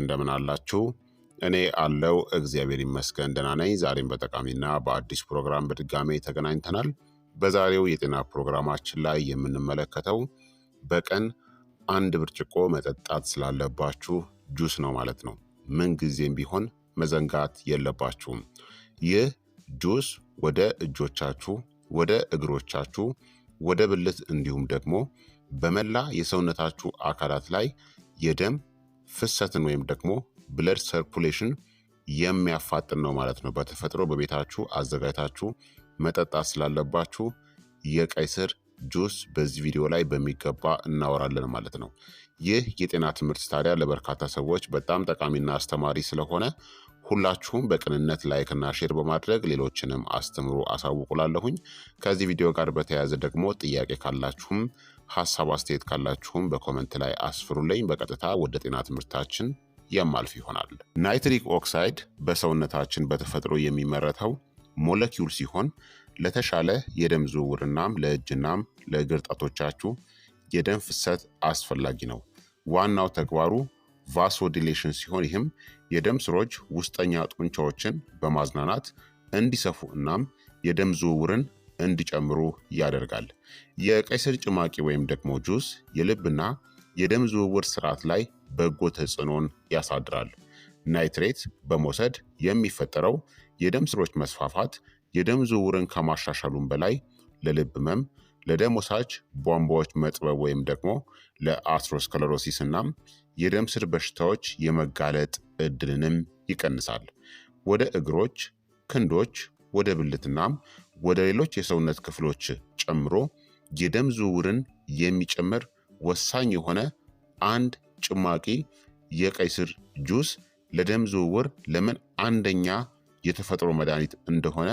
እንደምን አላችሁ? እኔ አለው እግዚአብሔር ይመስገን ደህና ነኝ። ዛሬም በጠቃሚና በአዲስ ፕሮግራም በድጋሜ ተገናኝተናል። በዛሬው የጤና ፕሮግራማችን ላይ የምንመለከተው በቀን አንድ ብርጭቆ መጠጣት ስላለባችሁ ጁስ ነው ማለት ነው። ምን ጊዜም ቢሆን መዘንጋት የለባችሁም። ይህ ጁስ ወደ እጆቻችሁ፣ ወደ እግሮቻችሁ፣ ወደ ብልት እንዲሁም ደግሞ በመላ የሰውነታችሁ አካላት ላይ የደም ፍሰትን ወይም ደግሞ ብለድ ሰርኩሌሽን የሚያፋጥን ነው ማለት ነው። በተፈጥሮ በቤታችሁ አዘጋጅታችሁ መጠጣት ስላለባችሁ የቀይ ስር ጁስ በዚህ ቪዲዮ ላይ በሚገባ እናወራለን ማለት ነው። ይህ የጤና ትምህርት ታዲያ ለበርካታ ሰዎች በጣም ጠቃሚና አስተማሪ ስለሆነ ሁላችሁም በቅንነት ላይክና ሼር በማድረግ ሌሎችንም አስተምሩ አሳውቁላለሁኝ። ከዚህ ቪዲዮ ጋር በተያያዘ ደግሞ ጥያቄ ካላችሁም ሀሳብ አስተያየት ካላችሁም በኮመንት ላይ አስፍሩልኝ። በቀጥታ ወደ ጤና ትምህርታችን የማልፍ ይሆናል። ናይትሪክ ኦክሳይድ በሰውነታችን በተፈጥሮ የሚመረተው ሞለኪውል ሲሆን ለተሻለ የደም ዝውውርናም ለእጅናም ለእግር ጣቶቻችሁ የደም ፍሰት አስፈላጊ ነው። ዋናው ተግባሩ ቫሶዲሌሽን ሲሆን ይህም የደም ስሮች ውስጠኛ ጡንቻዎችን በማዝናናት እንዲሰፉ እናም የደም ዝውውርን እንዲጨምሩ ያደርጋል። የቀይ ስር ጭማቂ ወይም ደግሞ ጁስ የልብና የደም ዝውውር ስርዓት ላይ በጎ ተጽዕኖን ያሳድራል። ናይትሬት በመውሰድ የሚፈጠረው የደም ስሮች መስፋፋት የደም ዝውውርን ከማሻሻሉም በላይ ለልብ ህመም፣ ለደም ወሳጅ ቧንቧዎች መጥበብ ወይም ደግሞ ለአትሮስከለሮሲስ እናም የደም ስር በሽታዎች የመጋለጥ እድልንም ይቀንሳል። ወደ እግሮች፣ ክንዶች፣ ወደ ብልትናም ወደ ሌሎች የሰውነት ክፍሎች ጨምሮ የደም ዝውውርን የሚጨምር ወሳኝ የሆነ አንድ ጭማቂ የቀይ ስር ጁስ ለደም ዝውውር ለምን አንደኛ የተፈጥሮ መድኃኒት እንደሆነ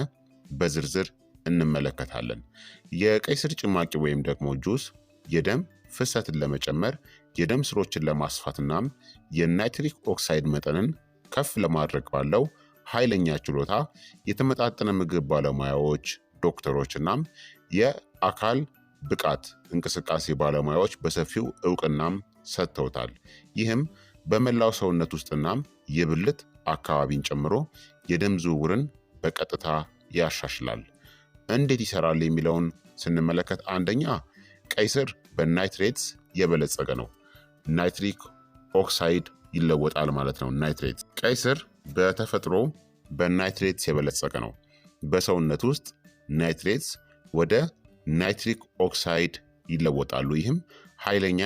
በዝርዝር እንመለከታለን። የቀይ ስር ጭማቂ ወይም ደግሞ ጁስ የደም ፍሰትን ለመጨመር የደም ስሮችን ለማስፋትናም የናይትሪክ ኦክሳይድ መጠንን ከፍ ለማድረግ ባለው ኃይለኛ ችሎታ የተመጣጠነ ምግብ ባለሙያዎች፣ ዶክተሮች እናም የአካል ብቃት እንቅስቃሴ ባለሙያዎች በሰፊው እውቅናም ሰጥተውታል። ይህም በመላው ሰውነት ውስጥናም የብልት አካባቢን ጨምሮ የደም ዝውውርን በቀጥታ ያሻሽላል። እንዴት ይሰራል የሚለውን ስንመለከት አንደኛ ቀይ ስር በናይትሬትስ የበለጸገ ነው። ናይትሪክ ኦክሳይድ ይለወጣል ማለት ነው። ናይትሬት ቀይ ስር በተፈጥሮ በናይትሬትስ የበለጸገ ነው። በሰውነት ውስጥ ናይትሬትስ ወደ ናይትሪክ ኦክሳይድ ይለወጣሉ። ይህም ኃይለኛ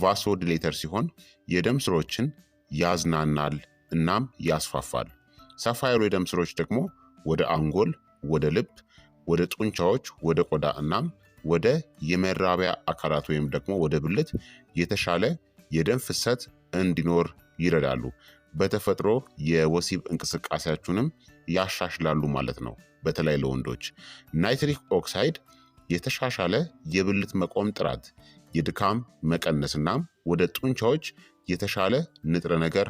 ቫሶዲሌተር ሲሆን የደም ስሮችን ያዝናናል እናም ያስፋፋል። ሰፋ ያሉ የደም ስሮች ደግሞ ወደ አንጎል፣ ወደ ልብ፣ ወደ ጡንቻዎች፣ ወደ ቆዳ እናም ወደ የመራቢያ አካላት ወይም ደግሞ ወደ ብልት የተሻለ የደም ፍሰት እንዲኖር ይረዳሉ። በተፈጥሮ የወሲብ እንቅስቃሴያችሁንም ያሻሽላሉ ማለት ነው። በተለይ ለወንዶች ናይትሪክ ኦክሳይድ የተሻሻለ የብልት መቆም ጥራት፣ የድካም መቀነስና ወደ ጡንቻዎች የተሻለ ንጥረ ነገር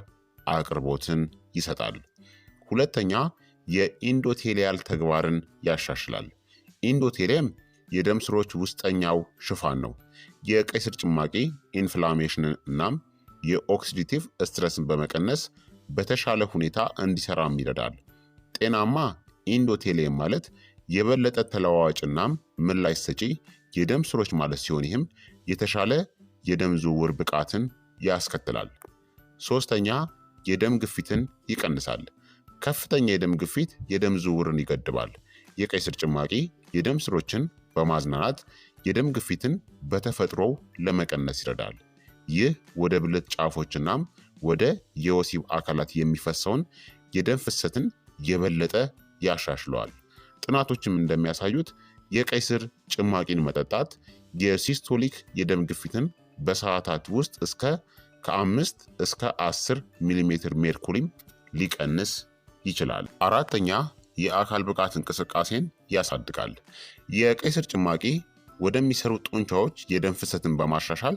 አቅርቦትን ይሰጣል። ሁለተኛ የኢንዶቴሊያል ተግባርን ያሻሽላል። ኢንዶቴሊየም የደም ስሮች ውስጠኛው ሽፋን ነው። የቀይ ስር ጭማቂ ኢንፍላሜሽንን እናም የኦክሲዲቲቭ ስትረስን በመቀነስ በተሻለ ሁኔታ እንዲሰራም ይረዳል። ጤናማ ኢንዶቴሊየም ማለት የበለጠ ተለዋዋጭናም ምላሽ ሰጪ የደም ስሮች ማለት ሲሆን ይህም የተሻለ የደም ዝውውር ብቃትን ያስከትላል። ሶስተኛ የደም ግፊትን ይቀንሳል። ከፍተኛ የደም ግፊት የደም ዝውውርን ይገድባል። የቀይ ስር ጭማቂ የደም ስሮችን በማዝናናት የደም ግፊትን በተፈጥሮው ለመቀነስ ይረዳል። ይህ ወደ ብልት ጫፎች ወደ የወሲብ አካላት የሚፈሰውን የደም ፍሰትን የበለጠ ያሻሽለዋል። ጥናቶችም እንደሚያሳዩት የቀይ ስር ጭማቂን መጠጣት የሲስቶሊክ የደም ግፊትን በሰዓታት ውስጥ እስከ ከአምስት እስከ 10 ሚሊሜትር ሜርኩሪም ሊቀንስ ይችላል። አራተኛ የአካል ብቃት እንቅስቃሴን ያሳድጋል። የቀይ ስር ጭማቂ ወደሚሰሩ ጡንቻዎች የደም ፍሰትን በማሻሻል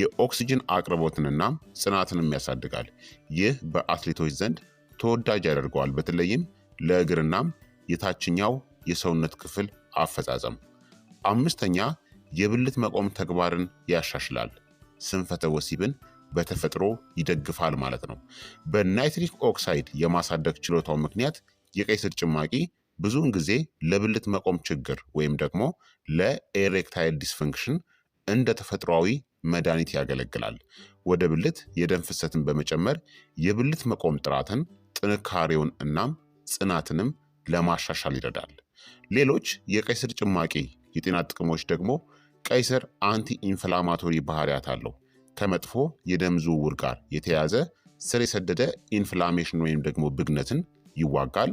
የኦክስጅን አቅርቦትንና ጽናትንም ያሳድጋል። ይህ በአትሌቶች ዘንድ ተወዳጅ ያደርገዋል፣ በተለይም ለእግርናም የታችኛው የሰውነት ክፍል አፈጻጸም። አምስተኛ የብልት መቆም ተግባርን ያሻሽላል፣ ስንፈተ ወሲብን በተፈጥሮ ይደግፋል ማለት ነው። በናይትሪክ ኦክሳይድ የማሳደግ ችሎታው ምክንያት የቀይ ስር ጭማቂ ብዙውን ጊዜ ለብልት መቆም ችግር ወይም ደግሞ ለኤሬክታይል ዲስፈንክሽን እንደ ተፈጥሯዊ መድኃኒት ያገለግላል። ወደ ብልት የደም ፍሰትን በመጨመር የብልት መቆም ጥራትን፣ ጥንካሬውን እናም ጽናትንም ለማሻሻል ይረዳል። ሌሎች የቀይ ስር ጭማቂ የጤና ጥቅሞች ደግሞ ቀይ ስር አንቲ ኢንፍላማቶሪ ባህሪያት አለው። ከመጥፎ የደም ዝውውር ጋር የተያዘ ስር የሰደደ ኢንፍላሜሽን ወይም ደግሞ ብግነትን ይዋጋል።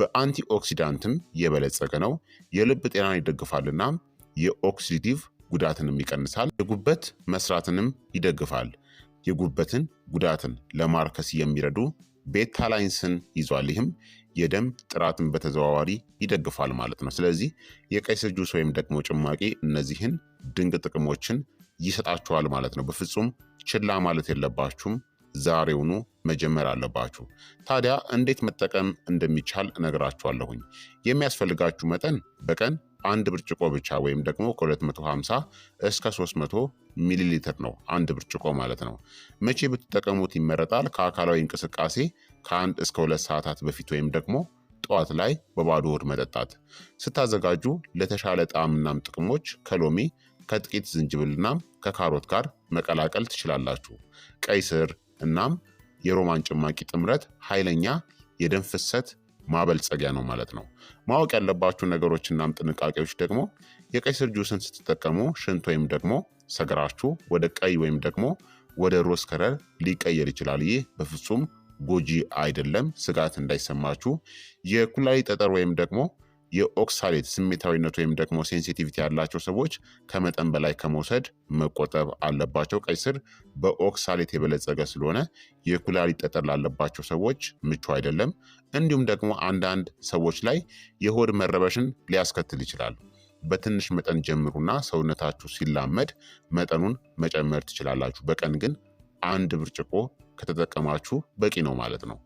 በአንቲኦክሲዳንትም የበለጸገ ነው። የልብ ጤናን ይደግፋልና የኦክሲዲቭ ጉዳትንም ይቀንሳል። የጉበት መስራትንም ይደግፋል። የጉበትን ጉዳትን ለማርከስ የሚረዱ ቤታላይንስን ይዟል። ይህም የደም ጥራትን በተዘዋዋሪ ይደግፋል ማለት ነው። ስለዚህ የቀይስር ጁስ ወይም ደግሞ ጭማቂ እነዚህን ድንቅ ጥቅሞችን ይሰጣችኋል ማለት ነው። በፍጹም ችላ ማለት የለባችሁም። ዛሬውኑ መጀመር አለባችሁ። ታዲያ እንዴት መጠቀም እንደሚቻል እነግራችኋለሁኝ። የሚያስፈልጋችሁ መጠን በቀን አንድ ብርጭቆ ብቻ ወይም ደግሞ ከ250 እስከ 300 ሚሊ ሊትር ነው፣ አንድ ብርጭቆ ማለት ነው። መቼ ብትጠቀሙት ይመረጣል? ከአካላዊ እንቅስቃሴ ከአንድ እስከ ሁለት ሰዓታት በፊት ወይም ደግሞ ጠዋት ላይ በባዶ ሆድ መጠጣት። ስታዘጋጁ ለተሻለ ጣዕምናም ጥቅሞች ከሎሚ ከጥቂት ዝንጅብልናም ከካሮት ጋር መቀላቀል ትችላላችሁ። ቀይ ስር እናም የሮማን ጭማቂ ጥምረት ኃይለኛ የደም ፍሰት ማበልጸጊያ ነው ማለት ነው። ማወቅ ያለባችሁ ነገሮችናም ጥንቃቄዎች ደግሞ የቀይ ጁስን ስትጠቀሙ ሽንት ወይም ደግሞ ሰገራችሁ ወደ ቀይ ወይም ደግሞ ወደ ሮዝ ከለር ሊቀየር ይችላል። ይህ በፍጹም ጎጂ አይደለም፣ ስጋት እንዳይሰማችሁ። የኩላሊት ጠጠር ወይም ደግሞ የኦክሳሌት ስሜታዊነት ወይም ደግሞ ሴንሲቲቪቲ ያላቸው ሰዎች ከመጠን በላይ ከመውሰድ መቆጠብ አለባቸው። ቀይ ስር በኦክሳሌት የበለጸገ ስለሆነ የኩላሊት ጠጠር ላለባቸው ሰዎች ምቹ አይደለም። እንዲሁም ደግሞ አንዳንድ ሰዎች ላይ የሆድ መረበሽን ሊያስከትል ይችላል። በትንሽ መጠን ጀምሩና ሰውነታችሁ ሲላመድ መጠኑን መጨመር ትችላላችሁ። በቀን ግን አንድ ብርጭቆ ከተጠቀማችሁ በቂ ነው ማለት ነው።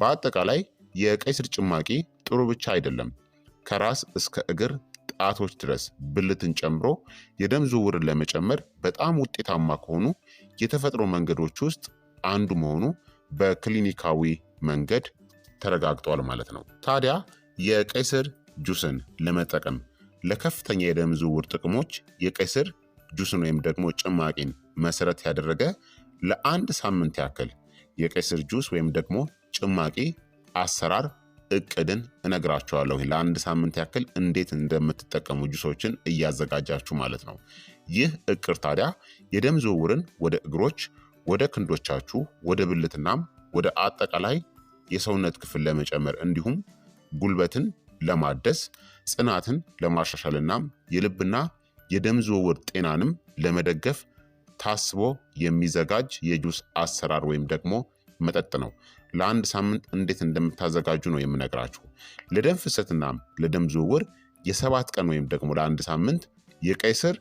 በአጠቃላይ የቀይ ስር ጭማቂ ጥሩ ብቻ አይደለም ከራስ እስከ እግር ጣቶች ድረስ ብልትን ጨምሮ የደም ዝውውርን ለመጨመር በጣም ውጤታማ ከሆኑ የተፈጥሮ መንገዶች ውስጥ አንዱ መሆኑ በክሊኒካዊ መንገድ ተረጋግጧል ማለት ነው። ታዲያ የቀይ ስር ጁስን ለመጠቀም ለከፍተኛ የደም ዝውውር ጥቅሞች የቀይ ስር ጁስን ወይም ደግሞ ጭማቂን መሰረት ያደረገ ለአንድ ሳምንት ያክል የቀይ ስር ጁስ ወይም ደግሞ ጭማቂ አሰራር እቅድን እነግራችኋለሁ። ለአንድ ሳምንት ያክል እንዴት እንደምትጠቀሙ ጁሶችን እያዘጋጃችሁ ማለት ነው። ይህ እቅድ ታዲያ የደም ዝውውርን ወደ እግሮች፣ ወደ ክንዶቻችሁ፣ ወደ ብልትናም ወደ አጠቃላይ የሰውነት ክፍል ለመጨመር እንዲሁም ጉልበትን ለማደስ ጽናትን ለማሻሻልናም የልብና የደም ዝውውር ጤናንም ለመደገፍ ታስቦ የሚዘጋጅ የጁስ አሰራር ወይም ደግሞ መጠጥ ነው። ለአንድ ሳምንት እንዴት እንደምታዘጋጁ ነው የምነግራችሁ። ለደም ፍሰትና ለደም ዝውውር የሰባት ቀን ወይም ደግሞ ለአንድ ሳምንት የቀይ ስር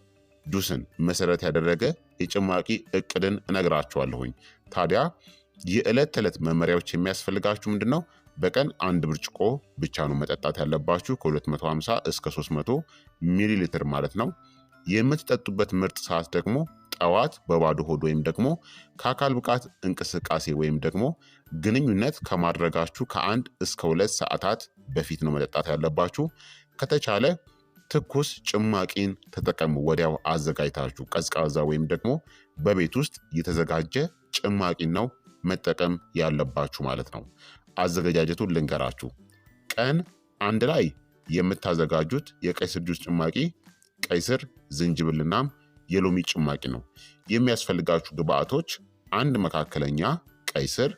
ጁስን መሰረት ያደረገ የጭማቂ እቅድን እነግራችኋለሁኝ። ታዲያ የዕለት ተዕለት መመሪያዎች የሚያስፈልጋችሁ ምንድን ነው? በቀን አንድ ብርጭቆ ብቻ ነው መጠጣት ያለባችሁ፣ ከ250 እስከ 300 ሚሊ ሊትር ማለት ነው። የምትጠጡበት ምርጥ ሰዓት ደግሞ ጠዋት በባዶ ሆድ ወይም ደግሞ ከአካል ብቃት እንቅስቃሴ ወይም ደግሞ ግንኙነት ከማድረጋችሁ ከአንድ እስከ ሁለት ሰዓታት በፊት ነው መጠጣት ያለባችሁ። ከተቻለ ትኩስ ጭማቂን ተጠቀሙ። ወዲያው አዘጋጅታችሁ ቀዝቃዛ ወይም ደግሞ በቤት ውስጥ የተዘጋጀ ጭማቂን ነው መጠቀም ያለባችሁ ማለት ነው። አዘገጃጀቱን ልንገራችሁ። ቀን አንድ ላይ የምታዘጋጁት የቀይ ስር ጁስ ጭማቂ ቀይ ስር፣ ዝንጅብልናም የሎሚ ጭማቂ ነው። የሚያስፈልጋችሁ ግብአቶች አንድ መካከለኛ ቀይ ስር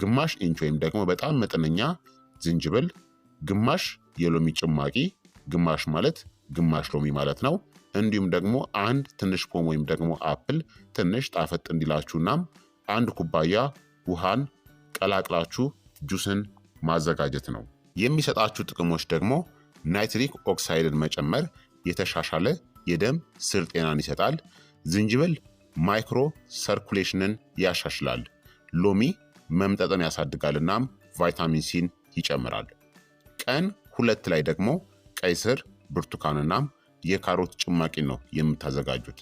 ግማሽ ኢንች ወይም ደግሞ በጣም መጠነኛ ዝንጅብል፣ ግማሽ የሎሚ ጭማቂ፣ ግማሽ ማለት ግማሽ ሎሚ ማለት ነው። እንዲሁም ደግሞ አንድ ትንሽ ፖም ወይም ደግሞ አፕል ትንሽ ጣፈጥ እናም አንድ ኩባያ ውሃን ቀላቅላችሁ ጁስን ማዘጋጀት ነው። የሚሰጣችሁ ጥቅሞች ደግሞ ናይትሪክ ኦክሳይድን መጨመር የተሻሻለ የደም ስር ጤናን ይሰጣል። ዝንጅብል ማይክሮ ሰርኩሌሽንን ያሻሽላል። ሎሚ መምጠጥን ያሳድጋል እናም ቫይታሚን ሲን ይጨምራል። ቀን ሁለት ላይ ደግሞ ቀይ ስር፣ ብርቱካንናም የካሮት ጭማቂ ነው የምታዘጋጁት።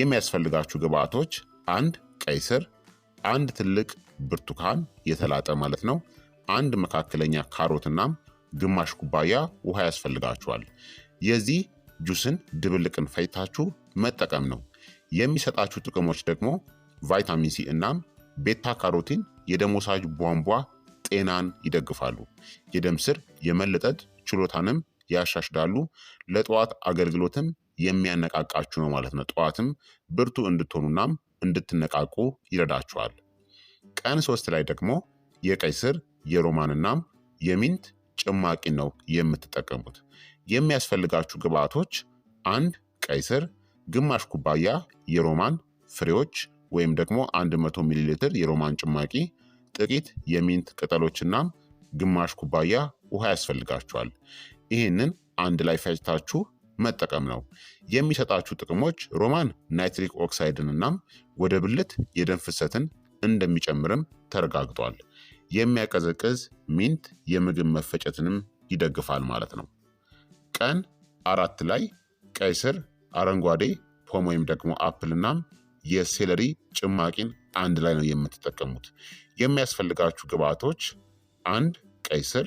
የሚያስፈልጋችሁ ግብአቶች አንድ ቀይ ስር፣ አንድ ትልቅ ብርቱካን የተላጠ ማለት ነው፣ አንድ መካከለኛ ካሮት እናም ግማሽ ኩባያ ውሃ ያስፈልጋችኋል። የዚህ ጁስን ድብልቅን ፈይታችሁ መጠቀም ነው። የሚሰጣችሁ ጥቅሞች ደግሞ ቫይታሚን ሲ እናም ቤታ ካሮቲን የደም ወሳጅ ቧንቧ ጤናን ይደግፋሉ። የደም ስር የመለጠጥ ችሎታንም ያሻሽላሉ። ለጠዋት አገልግሎትም የሚያነቃቃችሁ ነው ማለት ነው። ጠዋትም ብርቱ እንድትሆኑናም እንድትነቃቁ ይረዳችኋል። ቀን ሶስት ላይ ደግሞ የቀይ ስር የሮማንናም የሚንት ጭማቂ ነው የምትጠቀሙት። የሚያስፈልጋችሁ ግብአቶች አንድ ቀይ ስር፣ ግማሽ ኩባያ የሮማን ፍሬዎች፣ ወይም ደግሞ 100 ሚሊ ሊትር የሮማን ጭማቂ ጥቂት የሚንት ቅጠሎችናም ግማሽ ኩባያ ውሃ ያስፈልጋቸዋል። ይህንን አንድ ላይ ፈጭታችሁ መጠቀም ነው። የሚሰጣችሁ ጥቅሞች ሮማን ናይትሪክ ኦክሳይድን እናም ወደ ብልት የደም ፍሰትን እንደሚጨምርም ተረጋግጧል። የሚያቀዘቅዝ ሚንት የምግብ መፈጨትንም ይደግፋል ማለት ነው። ቀን አራት ላይ ቀይ ስር፣ አረንጓዴ ፖም ወይም ደግሞ አፕል እናም የሴለሪ ጭማቂን አንድ ላይ ነው የምትጠቀሙት። የሚያስፈልጋችሁ ግብአቶች አንድ ቀይ ስር፣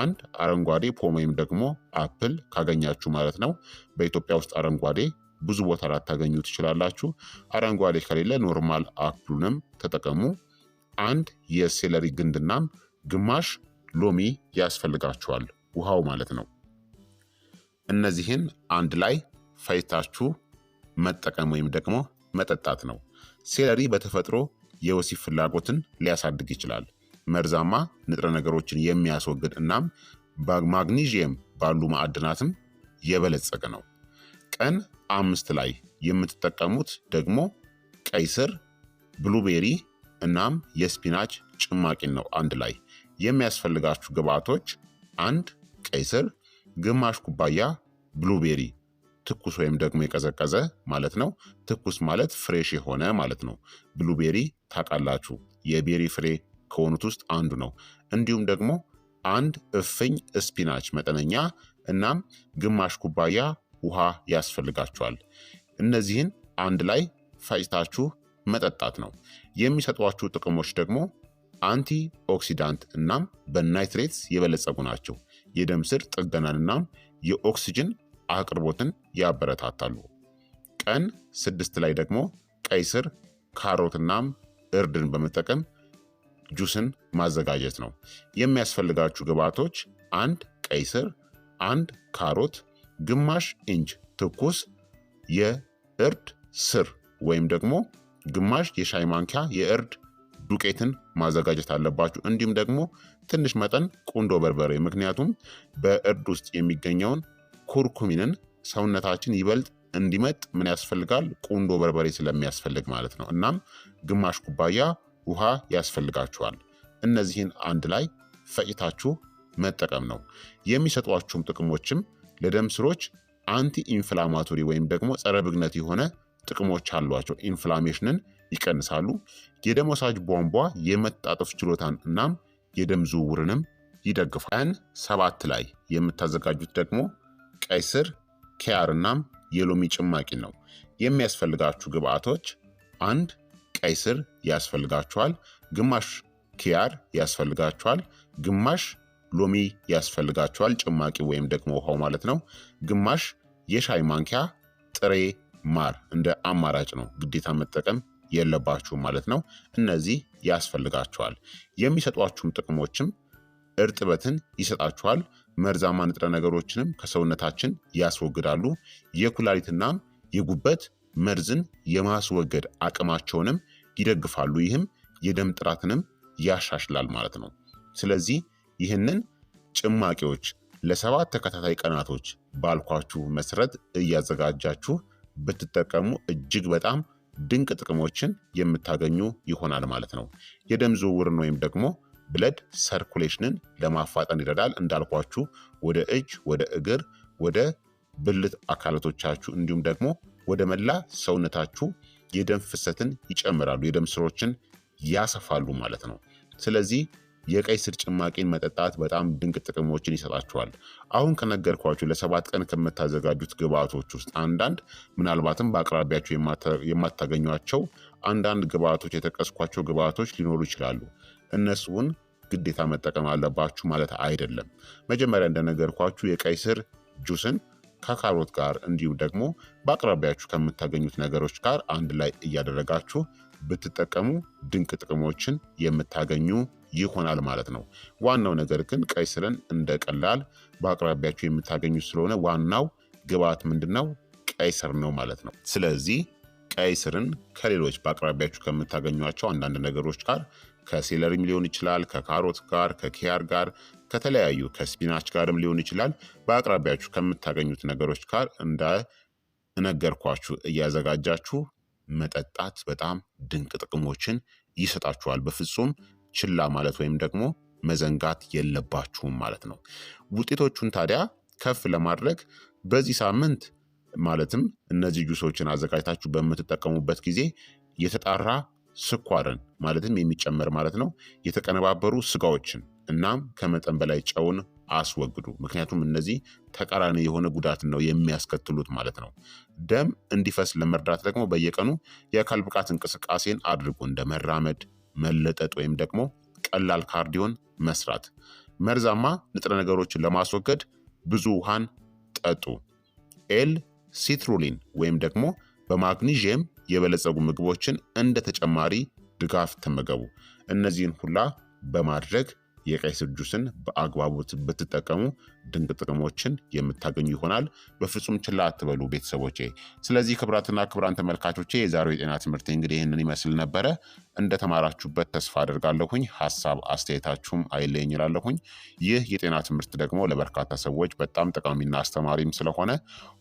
አንድ አረንጓዴ ፖም ወይም ደግሞ አፕል ካገኛችሁ ማለት ነው። በኢትዮጵያ ውስጥ አረንጓዴ ብዙ ቦታ ላታገኙ ትችላላችሁ። አረንጓዴ ከሌለ ኖርማል አፕሉንም ተጠቀሙ። አንድ የሴለሪ ግንድናም ግማሽ ሎሚ ያስፈልጋችኋል፣ ውሃው ማለት ነው። እነዚህን አንድ ላይ ፈይታችሁ መጠቀም ወይም ደግሞ መጠጣት ነው። ሴለሪ በተፈጥሮ የወሲብ ፍላጎትን ሊያሳድግ ይችላል። መርዛማ ንጥረ ነገሮችን የሚያስወግድ እናም ማግኒዥየም ባሉ ማዕድናትም የበለጸገ ነው። ቀን አምስት ላይ የምትጠቀሙት ደግሞ ቀይ ስር፣ ብሉቤሪ እናም የስፒናች ጭማቂን ነው። አንድ ላይ የሚያስፈልጋችሁ ግብአቶች አንድ ቀይ ስር፣ ግማሽ ኩባያ ብሉቤሪ ትኩስ ወይም ደግሞ የቀዘቀዘ ማለት ነው። ትኩስ ማለት ፍሬሽ የሆነ ማለት ነው። ብሉቤሪ ታውቃላችሁ፣ የቤሪ ፍሬ ከሆኑት ውስጥ አንዱ ነው። እንዲሁም ደግሞ አንድ እፍኝ ስፒናች መጠነኛ እናም ግማሽ ኩባያ ውሃ ያስፈልጋችኋል። እነዚህን አንድ ላይ ፈጭታችሁ መጠጣት ነው። የሚሰጧችሁ ጥቅሞች ደግሞ አንቲ ኦክሲዳንት እናም በናይትሬትስ የበለጸጉ ናቸው። የደም ስር ጥገናን እናም የኦክሲጅን አቅርቦትን ያበረታታሉ። ቀን ስድስት ላይ ደግሞ ቀይ ስር ካሮትናም እርድን በመጠቀም ጁስን ማዘጋጀት ነው። የሚያስፈልጋችሁ ግብዓቶች አንድ ቀይ ስር፣ አንድ ካሮት፣ ግማሽ ኢንች ትኩስ የእርድ ስር ወይም ደግሞ ግማሽ የሻይ ማንኪያ የእርድ ዱቄትን ማዘጋጀት አለባችሁ። እንዲሁም ደግሞ ትንሽ መጠን ቁንዶ በርበሬ፣ ምክንያቱም በእርድ ውስጥ የሚገኘውን ኩርኩሚንን ሰውነታችን ይበልጥ እንዲመጥ ምን ያስፈልጋል? ቁንዶ በርበሬ ስለሚያስፈልግ ማለት ነው። እናም ግማሽ ኩባያ ውሃ ያስፈልጋችኋል። እነዚህን አንድ ላይ ፈጭታችሁ መጠቀም ነው። የሚሰጧችሁም ጥቅሞችም ለደም ስሮች አንቲ ኢንፍላማቶሪ ወይም ደግሞ ጸረ ብግነት የሆነ ጥቅሞች አሏቸው። ኢንፍላሜሽንን ይቀንሳሉ። የደም ወሳጅ ቧንቧ የመጣጠፍ ችሎታን እናም የደም ዝውውርንም ይደግፋል። ቀን ሰባት ላይ የምታዘጋጁት ደግሞ ቀይ ስር፣ ኪያር እናም የሎሚ ጭማቂ ነው። የሚያስፈልጋችሁ ግብአቶች አንድ ቀይ ስር ያስፈልጋችኋል፣ ግማሽ ኪያር ያስፈልጋችኋል፣ ግማሽ ሎሚ ያስፈልጋችኋል፣ ጭማቂ ወይም ደግሞ ውሃው ማለት ነው። ግማሽ የሻይ ማንኪያ ጥሬ ማር እንደ አማራጭ ነው፣ ግዴታ መጠቀም የለባችሁ ማለት ነው። እነዚህ ያስፈልጋችኋል። የሚሰጧችሁም ጥቅሞችም እርጥበትን ይሰጣችኋል፣ መርዛማ ንጥረ ነገሮችንም ከሰውነታችን ያስወግዳሉ። የኩላሪትና የጉበት መርዝን የማስወገድ አቅማቸውንም ይደግፋሉ። ይህም የደም ጥራትንም ያሻሽላል ማለት ነው። ስለዚህ ይህንን ጭማቂዎች ለሰባት ተከታታይ ቀናቶች ባልኳችሁ መሰረት እያዘጋጃችሁ ብትጠቀሙ እጅግ በጣም ድንቅ ጥቅሞችን የምታገኙ ይሆናል ማለት ነው። የደም ዝውውርን ወይም ደግሞ ብለድ ሰርኩሌሽንን ለማፋጠን ይረዳል። እንዳልኳችሁ ወደ እጅ፣ ወደ እግር፣ ወደ ብልት አካላቶቻችሁ እንዲሁም ደግሞ ወደ መላ ሰውነታችሁ የደም ፍሰትን ይጨምራሉ፣ የደም ስሮችን ያሰፋሉ ማለት ነው። ስለዚህ የቀይ ስር ጭማቂን መጠጣት በጣም ድንቅ ጥቅሞችን ይሰጣችኋል። አሁን ከነገርኳችሁ ለሰባት ቀን ከምታዘጋጁት ግብአቶች ውስጥ አንዳንድ ምናልባትም በአቅራቢያቸው የማታገኟቸው አንዳንድ ግብአቶች የጠቀስኳቸው ግብአቶች ሊኖሩ ይችላሉ። እነሱን ግዴታ መጠቀም አለባችሁ ማለት አይደለም። መጀመሪያ እንደነገርኳችሁ የቀይ ስር ጁስን ከካሮት ጋር እንዲሁም ደግሞ በአቅራቢያችሁ ከምታገኙት ነገሮች ጋር አንድ ላይ እያደረጋችሁ ብትጠቀሙ ድንቅ ጥቅሞችን የምታገኙ ይሆናል ማለት ነው። ዋናው ነገር ግን ቀይ ስርን እንደ ቀላል በአቅራቢያችሁ የምታገኙት ስለሆነ ዋናው ግብዓት ምንድን ነው? ቀይ ስር ነው ማለት ነው። ስለዚህ ቀይ ስርን ከሌሎች በአቅራቢያችሁ ከምታገኟቸው አንዳንድ ነገሮች ጋር ከሴለሪም ሊሆን ይችላል፣ ከካሮት ጋር፣ ከኪያር ጋር፣ ከተለያዩ ከስፒናች ጋርም ሊሆን ይችላል። በአቅራቢያችሁ ከምታገኙት ነገሮች ጋር እንደነገርኳችሁ እያዘጋጃችሁ መጠጣት በጣም ድንቅ ጥቅሞችን ይሰጣችኋል። በፍጹም ችላ ማለት ወይም ደግሞ መዘንጋት የለባችሁም ማለት ነው። ውጤቶቹን ታዲያ ከፍ ለማድረግ በዚህ ሳምንት ማለትም እነዚህ ጁሶችን አዘጋጅታችሁ በምትጠቀሙበት ጊዜ የተጣራ ስኳርን ማለትም የሚጨመር ማለት ነው፣ የተቀነባበሩ ስጋዎችን እናም ከመጠን በላይ ጨውን አስወግዱ። ምክንያቱም እነዚህ ተቃራኒ የሆነ ጉዳትን ነው የሚያስከትሉት ማለት ነው። ደም እንዲፈስ ለመርዳት ደግሞ በየቀኑ የአካል ብቃት እንቅስቃሴን አድርጉ። እንደ መራመድ፣ መለጠጥ ወይም ደግሞ ቀላል ካርዲዮን መስራት። መርዛማ ንጥረ ነገሮችን ለማስወገድ ብዙ ውሃን ጠጡ። ኤል ሲትሩሊን ወይም ደግሞ በማግኒዥየም የበለጸጉ ምግቦችን እንደ ተጨማሪ ድጋፍ ተመገቡ። እነዚህን ሁላ በማድረግ የቀይ ስር ጁስን በአግባቡ ብትጠቀሙ ድንቅ ጥቅሞችን የምታገኙ ይሆናል። በፍጹም ችላ አትበሉ ቤተሰቦቼ። ስለዚህ ክብራትና ክብራን ተመልካቾቼ የዛሬው የጤና ትምህርት እንግዲህ ይህንን ይመስል ነበረ። እንደተማራችሁበት ተስፋ አድርጋለሁኝ። ሀሳብ አስተያየታችሁም አይለኝ ይላለሁኝ። ይህ የጤና ትምህርት ደግሞ ለበርካታ ሰዎች በጣም ጠቃሚና አስተማሪም ስለሆነ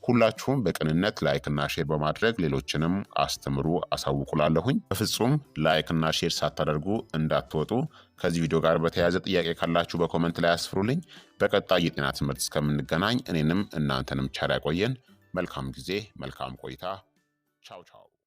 ሁላችሁም በቅንነት ላይክና ሼር በማድረግ ሌሎችንም አስተምሩ አሳውቁላለሁኝ። በፍጹም ላይክና ሼር ሳታደርጉ እንዳትወጡ። ከዚህ ቪዲዮ ጋር በተያያዘ ጥያቄ ካላችሁ በኮመንት ላይ አስፍሩልኝ። በቀጣይ የጤና ትምህርት እስከምንገናኝ እኔንም እናንተንም ቻላ ያቆየን። መልካም ጊዜ፣ መልካም ቆይታ። ቻው ቻው።